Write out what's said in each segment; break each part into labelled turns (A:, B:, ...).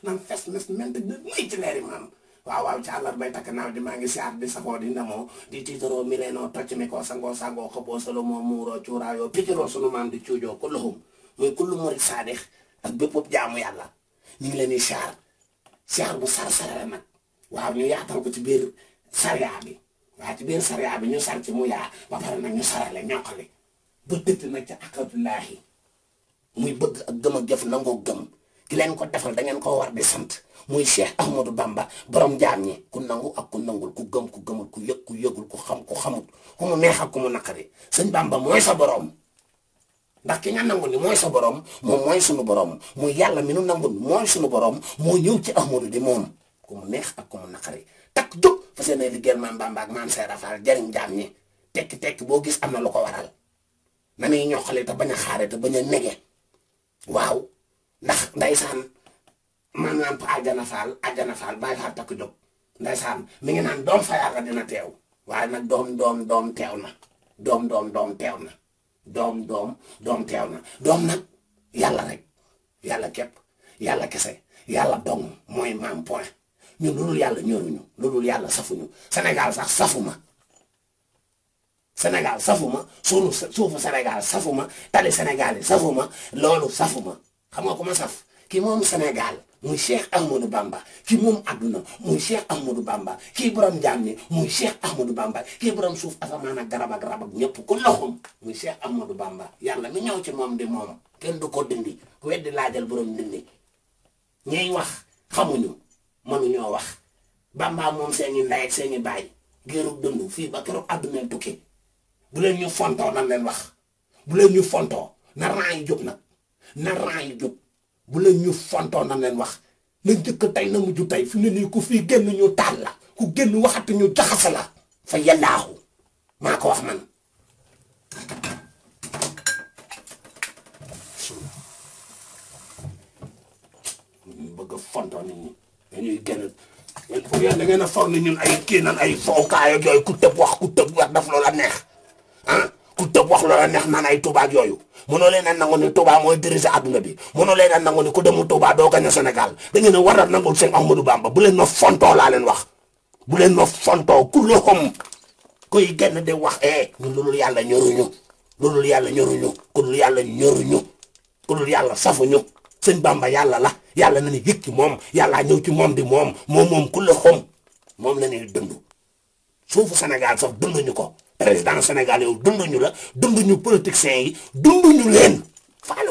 A: nan fes nes mente de mitineri mam ya, waaw waaw ci àllar bay tak naaw di maa ngi siyaar di safoo di ndamoo di tiitaroo mi leenoo tocc mi koo sangoo sangoo xëboo solo moo muuroo cuuraayoo pikiroo sunu maam di cuujoo ko loxum muy kullu murit saadix ak bépp jaamu yàlla ñu ngi leen di siyaar siyaar bu sar sarare nag waaw ñu yaatal ko ci biir sariyaa bi waaye ci biir sariya bi ñu sar ci mu yaa ba pare na ñu sarale ñàkkale ba dëtt nag ci akadullahi muy bëgg ak gëm ak jëf nangoo gëm ki leen ko defal da ngeen war di sant muy Cheikh Ahmadou Bamba borom jaam ñi ku nangu ak ku nangul ku gëm ku gëmul ku yëg ku yëgul ku xam ku xamut ku mu neex ak ku mu naqari sëñ Bamba mooy sa borom ndax ki nga nangu ni mooy sa borom moom mooy sunu borom muy yàlla mi nu ni mooy borom moo ñëw ci Ahmadou di moom ku mu neex ak ku mu takk jóg fas yéene liggéeyal maam Bamba ak maam Seera Faal jariñ jaam ñi tekki tekk boo gis am na lu ko waral na muy ñoxale te bañ a xaare te bañ a nege waaw ndax ndaysaan man naan ko àjjana faal faal takk jóg ndaysaan mi ngi naan doom fa yàlla dina teew waaye nag doom doom doom teew na doom doom doom teew na doom doom doom na doom yàlla rek yàlla képp yàlla kese yàlla dong mooy maam point ñun loolu yàlla ñooruñu loolu yàlla safuñu ma sax safuma ma safuma suunu senegal Sénégal safuma tali Sénégal yi ma loolu safuma xam nga ko ma saf ki moom Sénégal muy Cheikh Ahmadou Bamba ki moom àdduna muy Cheikh Ahmadou Bamba kii borom jaam ni muy Cheikh Ahmadou Bamba kii borom suuf asamaan ak garab ak rab ak ñëpp ku loxum muy Cheikh Ahmadou Bamba yàlla mi ñëw ci moom di moom kenn du ko dindi ku weddi laajal borom dindi ñuy wax xamuñu. mënuñoo wax Bamba moom seeni ndey ak seeni baay géerug dund fii ba keroog àdduna tukki bu leen ñu fontoo nan leen wax bu ñu fontoo na rang na rang yi fontoo nan leen wax na njëkk tey na mujj tey fi mu ne nii ku fii génn ñu taal ku génn waxati ñu jaxase la fa yàllaaxu maa ko wax man bëgg dañuy kenn yéen pour yéen da ngeen a ni ñun ay kii nan ay fookaay ak yooyu ku tëb wax ku tëb wax daf loola neex ah ku tëb wax loola ay Touba yooyu mënoo leen a nangu ni Touba mooy dirigé àdduna bi mënoo leen a nangu ni ku demul Touba doo gañ a Sénégal da ngeen a war a nangul seen Ahmadou Bamba bu leen ma fontoo laa leen wax bu leen ma fontoo ku loxom kuy genn di wax eh ñun loolu yàlla ñoruñu loolu yàlla ñoruñu ku dul yàlla ñoruñu ku dul yàlla safuñu sëñ Bamba yàlla la. yalla na ni yek ci moom yàllaa mom ci mom di mom mom mom ku la xom mom la ni dund suufu senegal sax ñu ko président senegal yow ñu la ñu politiciens yi dunduñu leen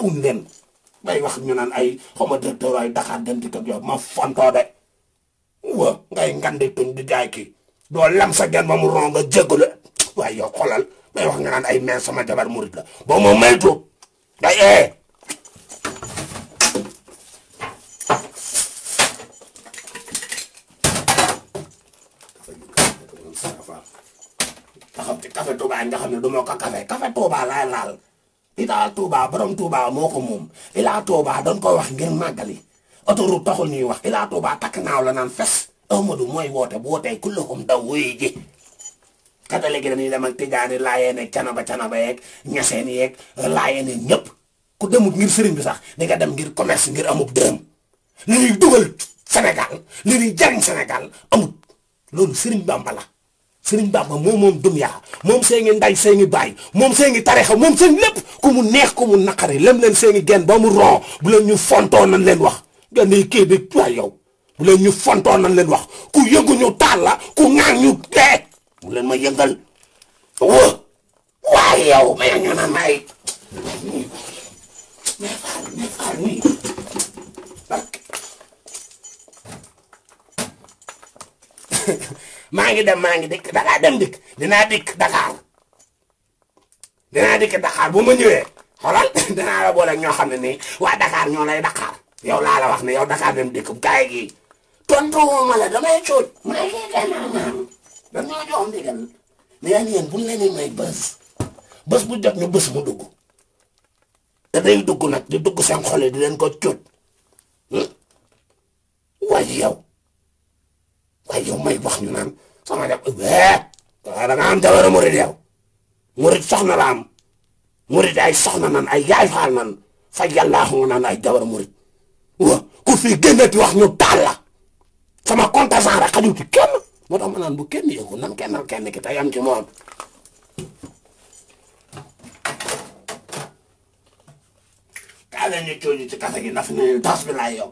A: wu len bay wax ñu naan ay xoma directeur ay Dakar dem ci ko ma fonto de wa ngay ngandi tun di jaay ki do lam sa gen mom ron nga jégalu way yow xolal bay wax nga naan ay mère sama jabar mourid la boo ma maytu day eh nga xam ne du ma ko kafe kafe Touba laay laal Ila Touba borom Touba moko ko Ila Touba don ko wax ngir auto ru taxul ñuy wax Ila Touba tak naaw la nan fes Amadou moy wote wote wootee kulluhum daw wuy ji katale gi dañuy dem ak tijaani ba canaba ba yek ñaseen yek layene ñep ku demut ngir serigne bi sax ni nga dem ngir commerce ngir amu dem ni ñuy senegal ni li ñuy jariñ Sénégal amut Bamba la sëriñ Bamba moom moom dunya moom see ngi nday see ngi bàyyi moom see ngi tarixa moom seen lépp ku mu neex ku mu naqari lem leen see ngi genn ba mu ron bu leen ñu fontoo nañ leen wax gan yi kii bi waay yow bu leen ñu fontoo nañ leen wax ku yëngu ñu taal la ku ŋaan ñu dee bu leen ma yëngal wóor waaye yow ma ñu na may mais faal mangi dem mangi dik da dem dik, dina dik Dakar dina dik Dakar bu ma ñewé xolal dina la bolé ño xamné ni wa Dakar ño lay Dakar yow la la wax ni yow Dakar dem dik, gaay gi tontu mo mala la damay cuut maa ngi gànnaaw naan dañoo jox ndigal ni ya ñeen bu ñu leen may bëss bëss bu jot ñu bëss mu dugg da day dugg nak di dugg seen xolé di leen ko cuut hmm? waay ويوم ما يبخ نعم صنع لك ها ترى نعم دور مريد يا مريد صحنا لام مريد عي صحنا نعم عي عي فعلا فيا الله هنا نعم دور مريد و كوفي جنة وحنا تعلى فما كنت زهرة قديم كم ما دام أنا بكمي يقول نعم كم كم كتايم جمال كذا نتوني تكذا جنفني تصبر عليك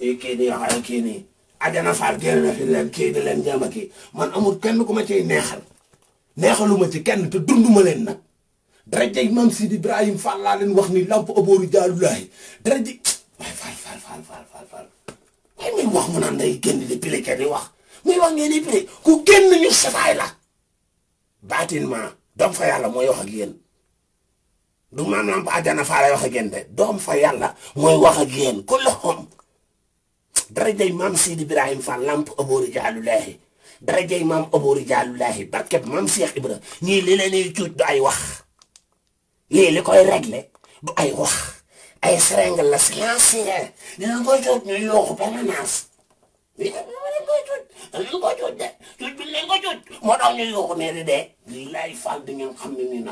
A: إيه كني إيه كني أدينا فارجينا في اللام كي دلنا جاما كي ما نأمر كن كم تي نخل نخل وما تي كن تدرن دملنا درجة إمام سيد إبراهيم فلان وحني لام أبو رجال الله درجة فال فال فال فال فال فال فال هاي مي وح من عندي كن اللي بيلي كن وح مي وح ما دم نعم بعد أنا فارا وح ده دم فيا لا مي وح كلهم darajay maam Sidi Ibrahima Fall lamp aboori jaalullaahi darajay maam aboori jaalullaahi barkeb maam Cheikh Ibra ñii li leen cuut du ay wax lii li koy réglé du ay wax ay seringue la silencien dinañ koy cuut ñu yooxu permanence lii dinañ koy cuut dinañ koy cuut ñu yooxu ne di dee lii laay Fall di ngeen xam ne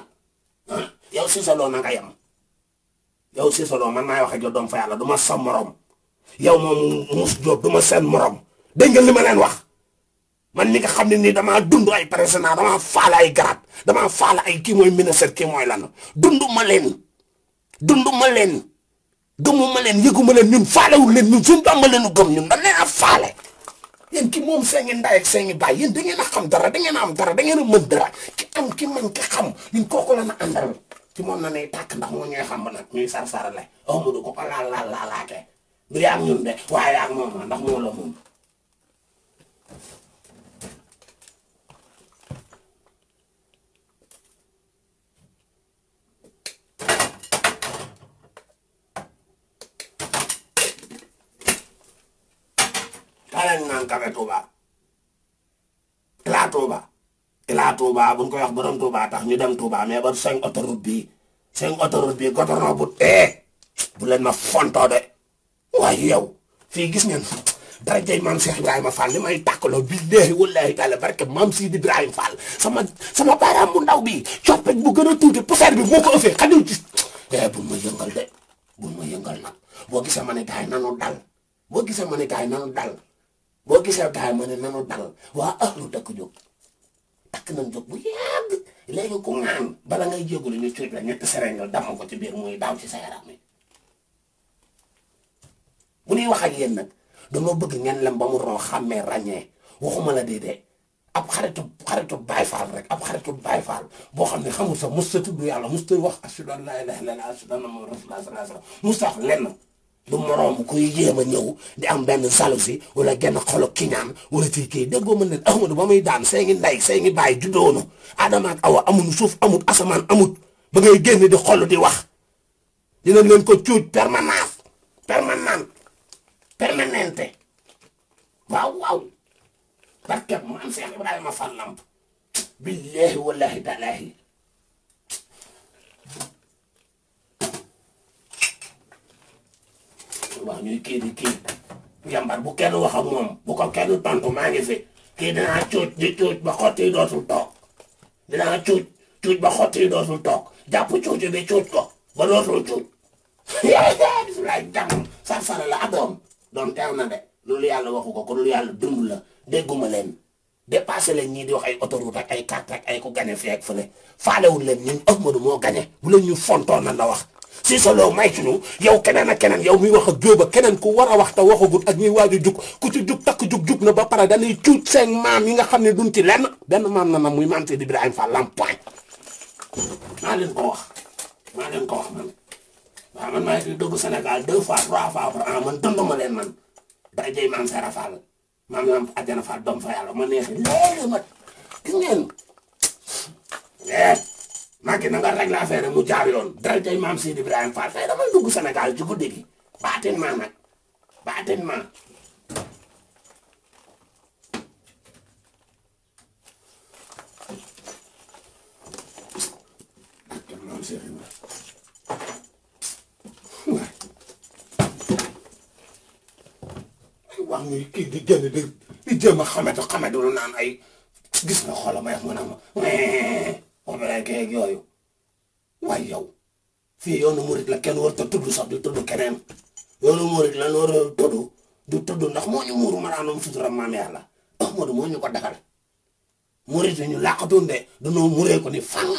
A: ah, yow si sa na nga yem yow si sa man maay wax ak yow doom fa yàlla du ma sa yow moom Moussa Diop du ma seen morom dégg ngeen li ma leen wax man ni nga xam ne nii damaa dund ay président damaa faala ay garab damaa faala ay kii mooy ministre kii mooy lan dund ma leen dund ma leen gëmu ma leen yëgu ma leen ñun faalewul leen ñun suñu bàmba leenu gëm ñun dañ leen a faale yéen ki moom seeni ndaay ak baay yéen da ngeen a xam dara da ngeen am dara da ngeen a mën dara ki am ki man ki xam ñun kooku la na àndal ci moom na nay tàkk ndax moo ñuy xam nag ñuy sar sarale amudu oh, ko ko laal laal laalaakee du yaa ak ñun de waaye yaa ak moom ndax moom la moom. xale ñu naan kafe Touba Ila Touba Ila Touba buñ wax borom Touba tax ñu dem Touba mais ba autoroute autoroute bu ma de. waaye yow fii gis ngeen dara jay maam Cheikh Ibrahima Fall li may tàkkaloo billaahi wallaahi taala barke maam Sidi Ibrahima Fall sama sama baaraam bu ndaw bi coppet bu gën a tuuti poussière bi moo ko ëffee xajul ci. Eh, bul ma yëngal de bul ma yëngal nag boo gisee ma ne gaay nanu dal boo gisee ma ne gaay nanu dal boo gisee gaay ma ne nanu dal waa ahlu takk jóg takk nañ jóg bu yàgg léegi ku naan bala ngay jégalu ñu cuuj la ñetti sereengal damm ko ci biir muy daaw ci sa may wax ak yéen nag dañoo bëgg ngeen lem ba mu roo xàmmee ràññee waxuma la dee dee ab xaritu xaritu Baay Faal rek ab xaritu Baay Faal boo xam ne xamul sax mosut a tudd yàlla mosut a wax ashhadu an laa ilaaha illallaah ashhadu anna Muhammadan rasuulullaah mosut a wax lenn lu moroom kuy jéem a ñëw di am benn jalousie wala genn xolu kiñaan wala fii kii déggoo mën leen Ahmadu ba muy daan see ngi ndey see ngi bàyyi juddoonu Adama ak Awa amuñu suuf amut asamaan amut ba ngay génn di xol di wax dinañ leen ko cuuj permanent permanente waaw waaw barke mu am Cheikh Ibrahima Fall Lamp billahi wallahi talahi wax ñuy kii di kii njàmbar bu kenn wax ak ko kenn tontu maa ngi fi kii dinaa cuuc di cuuc ba xotti yi dootul toog dinaa cuuc cuuc ba xotti yi dootul toog jàpp cuuc bi cuuc ko ba dootul cuuc bisimilah jàmm sarsara la adoom doon teew na de loolu yàlla waxu ko kon lu yàlla dund la dégguma leen dépassé leen ñii di wax ay autoroute ak ay carte ak ay ko gane fii ak fële faalewul leen ñun Ahmadou moo gane bu leen ñu fontoon na la wax si solo maytuñu yow keneen a keneen yow muy wax ak jóoba keneen ku war a wax te waxagut ak ñuy waaju jug ku ci jug takk jug jug na ba pare dañuy cuut seen maam yi nga xam ne duñ ci lenn benn maam na muy maam Seydi Ibrahima Fall lampoñ maa leen ko wax maa ko wax waaw man maa ngi dugg Sénégal deux fois trois fois par ah, man dunduma leen man dajey maam Sara Fall maam maam Adjana Fall doom fa yàlla ma neexi léegi ma gis ngeen eh, Macky na nga réglé affaire mu jaar yoon dajey maam Sidi Ibrahima Fall tey dama dugg Sénégal ci guddi baatin ma nag baatin ma kii di génn di di jéem a xamatu xamatu lu naan ay gis nga xolam ay mun a ma wala keeg yooyu waaye yow fii yoonu murit la kenn warut a tudd sax di tudd keneen yoonu murit la war a tudd du tudd ndax moo ñu muuru maanaam sutura maam yàlla Ahmadu moo ñu ko defal murit yi ñu làqatoon de dañoo muree ko ni fang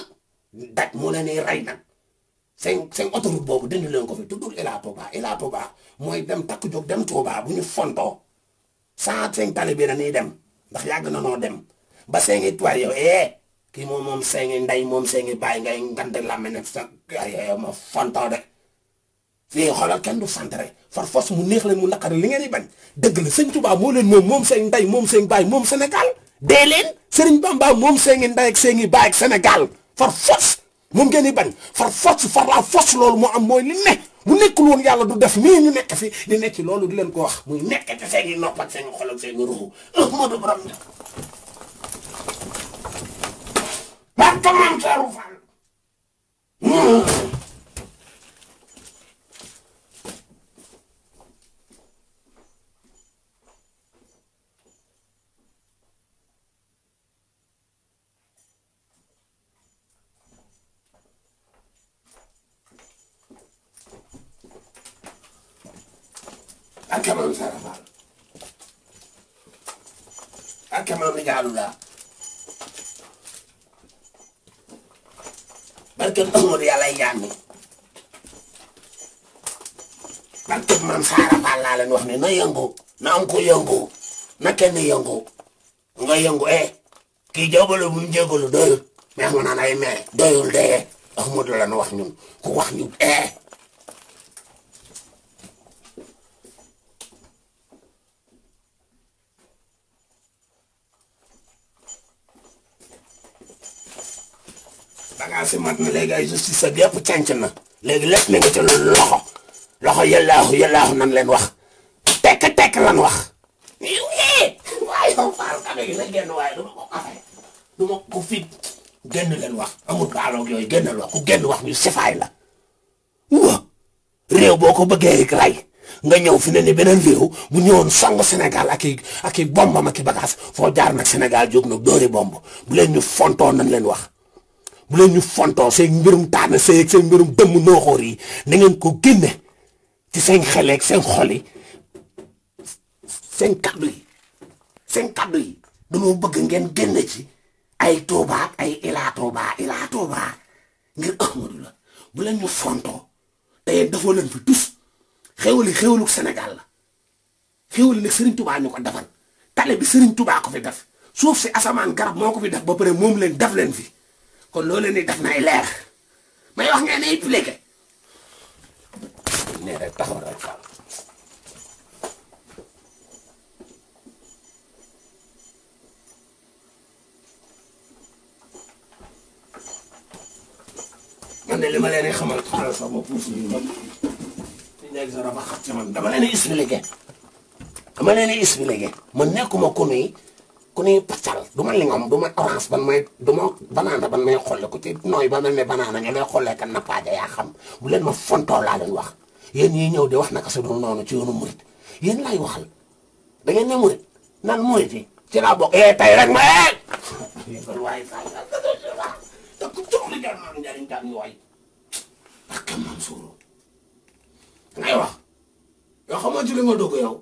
A: daj moo leen di rey nag. seen seen autoroute boobu dindi leen ko fi tuddul Ila Touba Ila Touba mooy dem takk jóg dem Touba bu ñu fontoo 105 talibé dañuy dem ndax yàgg na noo dem ba seengi tuwaay yow eh kii moom moom seengi ndey moom seengi bàyyi ngay ngante làmme ne sa yow ma fontoo de fii xoolal kenn du sant rek far fos mu neex leen mu naqari li ngeen di bañ dëgg sëñ Tuubaa moo leen moom moom seen ndey moom seen baay moom senegal dee leen Sëriñ Bamba moom seengi ndey ak seengi bàyyi ak Sénégal far fos moom ngeen di far fos far laa fos loolu moo am mooy li ne bu nekkul woon yàlla du def nii ñu nekk fi di nekk loolu di leen ko wax muy nekk ci seen i nopp ak seen i xol ak seen i ruuxu Ahmadu Bamba barke Maam Saaru Fall barke maam Saara Ba laa leen wax ne na yëngu na am ko yëngu na kenn yëngu nga yëngu eh kii jégalu bu mu jégalu doyul mais mu naan ay mais doyul dee Ahmadu la nu wax ñun ku wax ñu eh. bagaasi mat na léegi ay justice ak yëpp cànc na léegi lépp mi ngi ci loxo. loxo yëllaaxu yëllaaxu nan leen wax tekk tekk lan wax. waaye yow Faal kafe gi na génn waaye du ma ko leen wax amul baaloog yooyu génnal wax ku génn wax ñu sifaay la wa réew boo ko bëggee ray nga ñëw fi ne ni beneen réew bu ñëwoon song Sénégal ak i ak i bombam foo jaar nag Sénégal jóg nag dóori bomb bu leen ñu fontoo nañ leen wax bu leen ñu fontoo seen mbirum taana seen mbirum dëmm yi na ko génne ci seen xeleeg seen xol yi seen kaddu yi seen kaddu yi bëgg ngeen génn ci ay Touba ak ay Ila Touba Ila Touba ngir Ahmadou la bu leen ñu fontoo te yéen dafoo leen fi tus xéwali xéwalu Sénégal la xéwali nag Serigne Touba ñu ko defal tale bi Serigne Touba ko fi def suuf si asamaan garab moo ko fi def ba pare moom leen daf leen fi kon loo leen di def nay leer may wax ngeen ay نيرك بخورك أنا اللي ملاني خمرت خلاص أبو بوسي إنك زرا بخطي من ده ملاني اسم لك ملاني اسم لك من ناكم أكوني كوني بطل دوما لينغام دوما أورانس بان ماي دوما بانانا بان ماي خولي كوتي نوي بان ماي بانانا نغي ماي خولي كان يا خم ولين ما فونتو لا لين yéen ñiy ñëw de wax na su dul noonu ci yoonu murit yéen laay waxal da ngeen ne murit nan murit yi ci laa bokk eh tey rek ma eh. waaye saa saa saa ku coow li jar maam njariñ daal ñu waay parce que maam suuru ngay wax yoo xam nga ci li nga dugg yow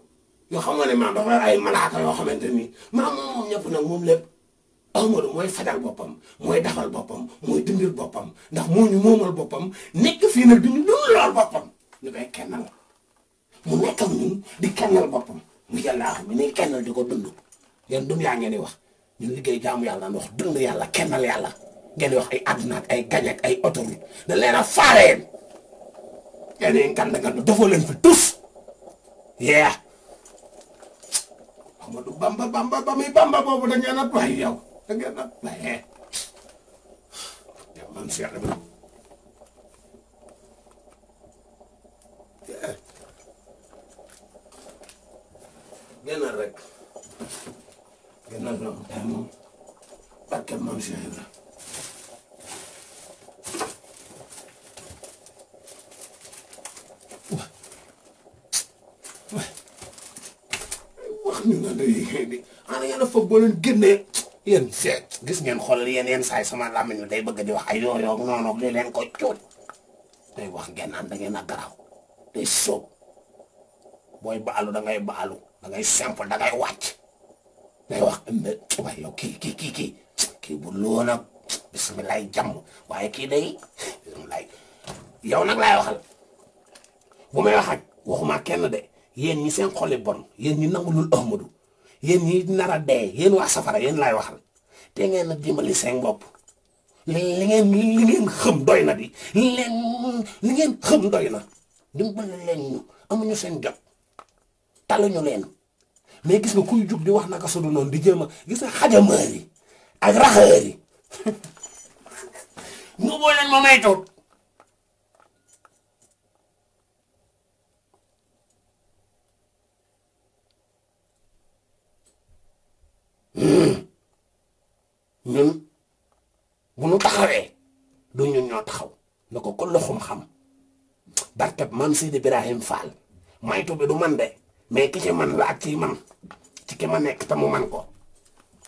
A: yoo xam nga ne maam dafa ay malaaka yoo xamante ni maam moom moom ñëpp nag moom lépp. Amadou mooy boppam mooy dafal boppam mooy dindil boppam ndax moo ñu moomal boppam nekk fii nag du ñu dundal boppam. ñu koy kenal, mu nekkal di kenal boppam mu yàlla mi ni kenal di dund yéen dund yaa ngeen wax ñun liggéey jaamu yàlla wax dund yàlla kenal yàlla ngeen wax ay àdduna ay gañ ak ay autoroute da leen a faale yéen yéen ay ngand leen fi Bamba Bamba Bamba boobu da ngeen a waay yow da ngeen a man génnal rek génnal doomu tey moom barke maam Cheikh Ibra wax ñu naan dañuy xëy di ana a foog boo leen génnee yéen seet gis ngeen xool yéen yéen saay sama làmmiñ la day bëgg di wax ay yooyoog noonoog li leen koy cuut day wax ngeen naan da ngeen a garaaw day soob booy baalu da ngay dangay da ngay simple da ngay wax waaye yow kii kii kii kii kii bu loo nag bisimilah jàmm waaye kii day yow nag laay waxal bu may waxaat waxuma kenn de yéen ñi seen xolli bon yéen ñi nangulul Ahmadu yéen ñi nar a dee yéen waa safara yéen laay waxal te ngeen a dimbali seen bopp. li ngeen li ngeen xam doy na di li ngeen li ngeen xam doy na. dimbali leen ñu amuñu seen jot taluñu leen mais gis nga kuy jug di wax naka sudu noonu di jéem a gis nga xajamaar yi ak raxaar yi ñu hmm. ñun bu ñu taxawee du ñun ñoo xam barkeb man Seydi Ibrahim Fall maytu bi du man de mais ki ci man la ak ci man ci ki ma nekk te mu man ko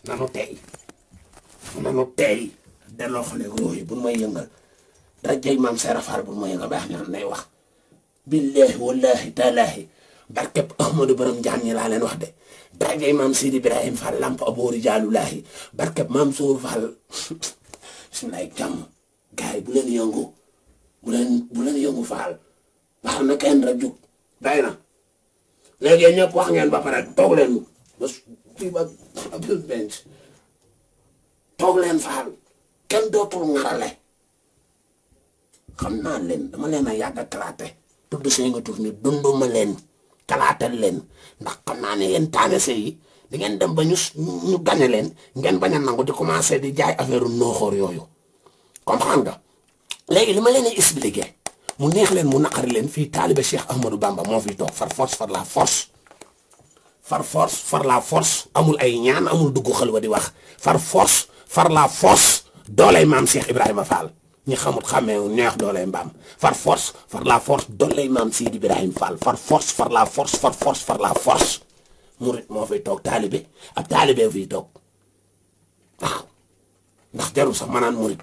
A: nanu tey nanu tey delo xale roy bu may yëngal da jey man Seyra Fall bu may yëngal ba xam ne nay wax billahi wallahi taalaahi barkeb ahmadu Borom Njaan ñi laa leen wax de jey man Seydi Ibrahim Fall lamp mam sour Fall sunay jam bu leen yëngu bu len bu len yëngu Fall wax na ne kenn rek jug day na léegi yéen ñëpp wax ngeen ba pare toog leen ba fii ba Abdul Benj toog leen faal kenn dootul ngarale xam naa leen dama leen a yàgg a tudd nga tur ni dunduma leen talaatal leen ndax xam naa ne yéen taanese yi di ngeen dem ba ñu ñu gane leen ngeen bañ nangu di commencé di jaay affaire nooxoor yooyu comprendre nga léegi li ma mu neex leen mu naqari leen fii taaliba Cheikh Ahmadou Bamba moo fi toog far force far la force far force far la force amul ay ñaan amul dugg xalwa di wax far force far la force doolay maam Cheikh Ibrahima Fall ñi xamul xàmmee neex doolay mbaam far force far la force doolay maam Seydi ibrahim Fall far force far la force far force far la force murit moo fiy toog taalibe ab taalibe fi toog waaw ndax jarul sax manaan murit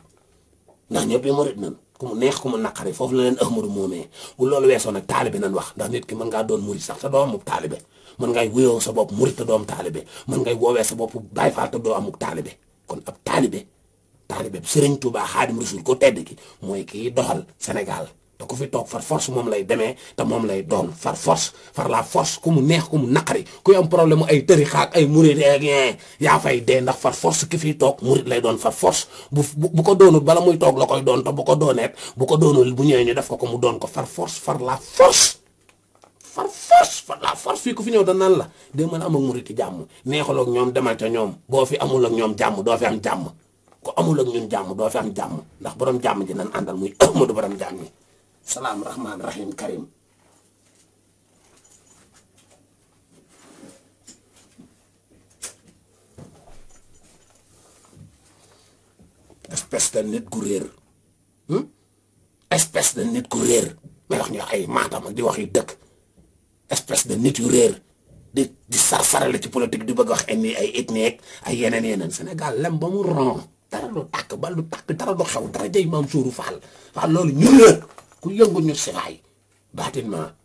A: ndax ñëpp yi murit nañu ku mu neex ku mu naqari foofu la leen ahmadu moomee bu loolu weesoo nag taalibe nan wax ndax nit ki mën ngaa doon murit sax te doo amuk taalibe mën ngay wuyoo sa bopp murit te doo am taalibe mën ngay woowee sa bopp Baay Faal te doo amuk taalibe kon ab taalibe taalibe Sëriñ Tuubaa Xaadim Rasuul ko tedd ki mooy kii doxal Sénégal te ku fi tok far force mom lay demee te mom lay doon far force far la force kumu neex kumu nakari ku am problème ay teuri xaak ay murit yeeg ya fay dee ndax far force ki fi tok mourid lay doon far force bu ko doonul bala muy tok la koy doon te bu ko dooneet bu ko doonul bu ñëwee ñu def ko ko mu doon ko far force far la force. far force far la force fi ku fi ñew da nan la de man am ak mourid yi jamm neexul ak ñom demal ca ñom bo fi amul ak ñom jamm do fi am jamm ko amul ak ñun jamm do fi am jamm ndax borom jamm ji nan andal muy borom jamm Salam Rahman rahim karim espèce de nit ku hmm? espèce de nit ku may wax ñu ay maatama di wax yu dekk espèce de nit yu rer di di sarsarale ci politique di bëgg wax ennii ay ethnique ay yenen yenen Sénégal lam ba mu ron dara lu tak ba lu tak dara lu xew dara jey mam suuru fal fal lolu ñu كل يوم بنيو سيغاي باتين ما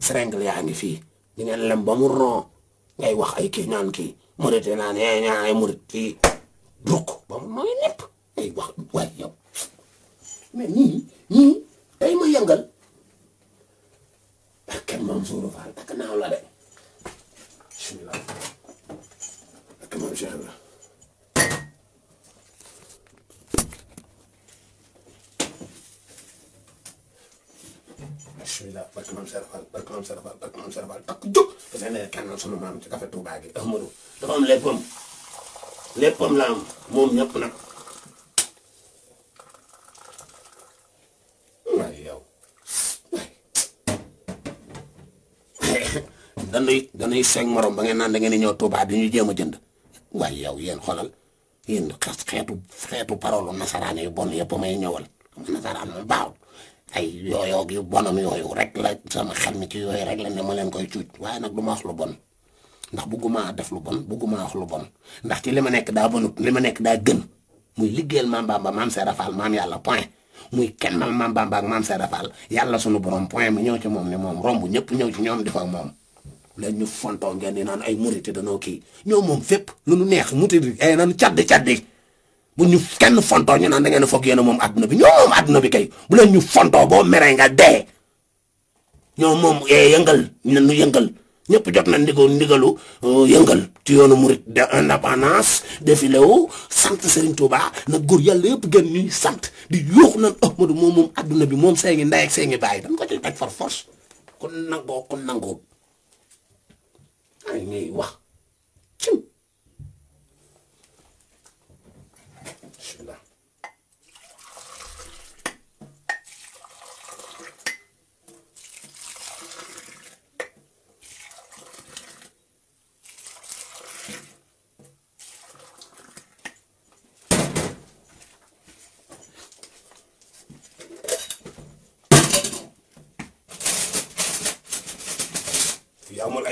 A: فرانكل يعني في من لم بامورون اي واخ اي كي نان كي موريت نان اي نان اي موريت كي دوك بام ما ينيب اي واخ واي يو مي ني ني اي مو يانغال كان منظور فال تكناو لا دي بسم الله كمان شهر bismillah barke maam Serap Fall barke maam Serap Fall barke maam Serap Fall takk jóg parce que nee kennal sama maam ci café Touba gi Ahmadou la am moom ñëpp nag waaye yow danuy danuy seng morom ba ngeen naan da ngeen di ñëw Touba di ñu jéem a jënd waaye yow yéen xoolal yéen xeetu xeetu parole nasaraan yu bon yëpp may ñëwal xam nasaraan moom baaxul ay yooyoog yu bonam yooyu rek la sama xel mi ci yooyu rek la ne ma leen koy cuuj waaye nag du ma wax lu bon ndax bëgguma def lu bon bëgguma wax lu bon ndax ci li ma nekk daa bonut li ma nekk daa gën muy liggéeyal maam Bamba maam Serap Fall maam yàlla point muy kennal maam Bamba ak maam Serap Fall yàlla sunu borom point mi ñëw ci moom ne moom romb ñëpp ñëw ci ñoom di fa moom. léegi ñu fontoo ngeen naan ay murit danoo kii ñoo moom fépp lu nu neex muti di ay eh, naan cadde cadde bu ñu kenn fonto ñu naan da ngeen fokk yéen moom aduna bi ñoom aduna bi kay bu leen ñu fonto bo mere nga de ñoom moom e yëngal ñu ñu yëngal ñëpp jot na ndigo ndigalu euh, yëngal ci yoonu mourid de indépendance défilé wu sant Serigne Touba na góor yalla yëpp gën ñuy sant di yuux na Ahmadou moom moom aduna bi moom seengi nday ak seengi bàyyi dañ ko ci teg force kon nango kon nango ay ñuy wax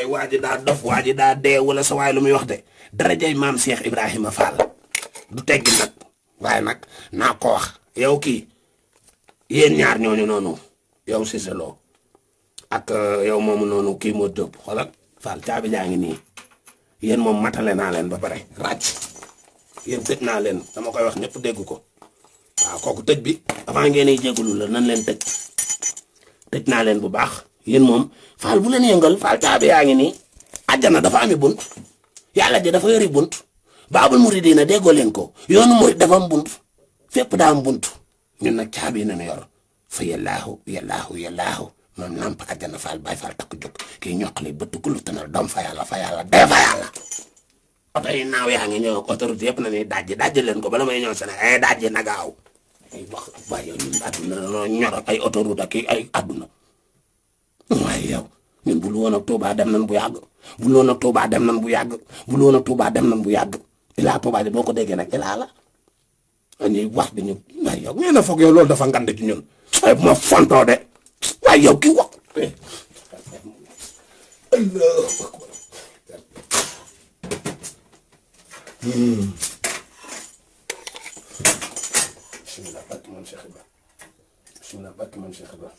A: ay waa ji daa dof waa ji daa dee wala sa waay lu muy wax de darajay maam Cheikh Ibrahima Fall du teggi nag waaye nag naa ko wax yow kii yéen ñaar ñooñu noonu yow Cissé Lo ak euh, yow moom noonu kii moo jóg xoolal Fall caabi jaa ngi nii yéen moom matale naa leen ba pare ràcc yéen tëj naa leen dama koy wax ñépp dégg ko waaw kooku tëj bi avant ngeen ay jégalu la nan leen tëj tëj naa leen bu baax. yéen mom, fal bu len yengal fal tabe yaangi ni aljana dafa ami bunt yalla je dafa yori bunt baabul muridina de golen ko yoonu murid dafa am bunt fep da am buntu ñun nak tabe nañu yor fa yallaahu non yallaahu pa aljana fal bay fal tak juk ki kii ñoqali bëtt gulu tanal dom fa yalla fa yalla de fa yalla ata yi naaw yaa ngi ko tor yëpp na ni dajje dajje len ko bala may ñëw sene eh, ay dajje nagaaw ay wax waaye ñu àdduna ay autoroute ak ay aduna waaye yow ñun bul woon ak Touba dem nan bu yàgg bul woon ak Touba dem nan bu yàgg bul woon ak Touba dem nan bu yàgg ilaa Touba ji boo ko déggee nag ilaa la dañuy wax di ñu waaye yow ngeen a foog yow loolu dafa ngand ci ñun waaye bu ma fontoo de waaye yow ki wax bismillah barke man Cheikh Ibra bismillah barke man Cheikh Ibra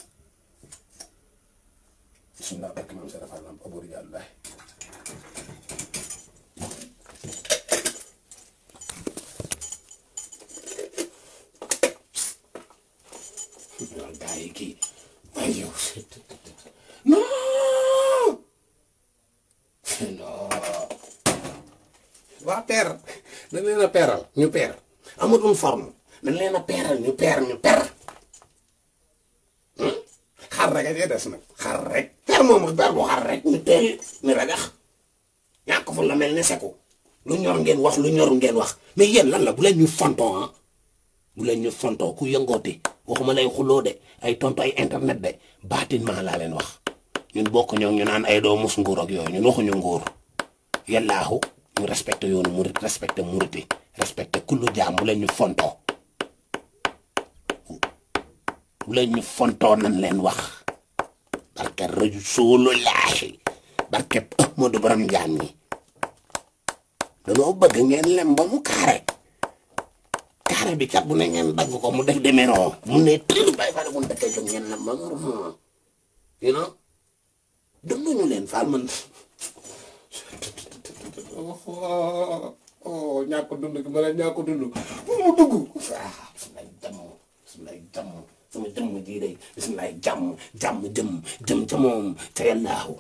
A: sunna barke waa peer dañ leen a ñu peer amul une forme dañ leen a ñu peer ñu peer hmm? xar rek a des nag xar xar moom ber bu xar rek ragax ñàkk fu la mel ne seku lu ñor ngeen wax lu ñoru ngeen wax mais yéen lan la bu leen ñu fontoo ah bu ñu fontoo ku yëngooti waxuma lay xuloo de ay tontu ay internet de bâtiment laa leen wax ñun bokk ñoo ñu naan ay doo mus nguur ak ñun waxuñu nguur yàllaahu ñu respecté yoonu murit respecté muriti respecté kullu jaam bu leen ñu fontoo bu leen ñu fontoo nan leen wax barke rasulullahi barke ahmadu eh, borom jaam ñi danoo bëgg ngeen lem ba mu kaare kaare bi kat bu ne ngeen dagg ko mu def demeroo mu ne tëdd bay fa bu ngeen ba mu you know leen man oh ñàkk dund gi ma ne dund mu dugg ah su sama jëmm jii day bisimilah jàmm jàmm jëm jëm ca moom ca yàllaahu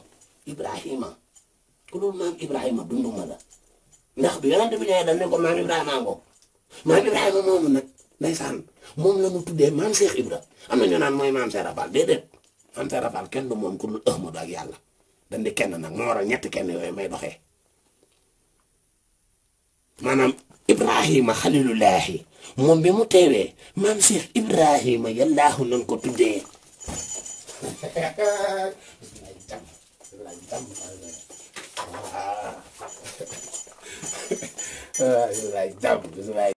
A: Ibrahima ku loolu maam Ibrahima dunduma la ndax bi yonent bi ñëwee dañ ne ko maam Ibrahima ngoog maam Ibrahima moomu nag ndeysaan moom la ñu tuddee maam Cheikh Ibra am na ñu naan mooy maam Cheikh Rafal déedéet maam Cheikh Rafal kenn du moom ku dul Ahmadu ak yàlla dañ di kenn nag moo waral ñetti kenn yooyu may doxee maanaam Ibrahima xalilullaahi moom bi mu teewee maam Cheikh Ibrahima yallaahu nan ko tuddee. waaw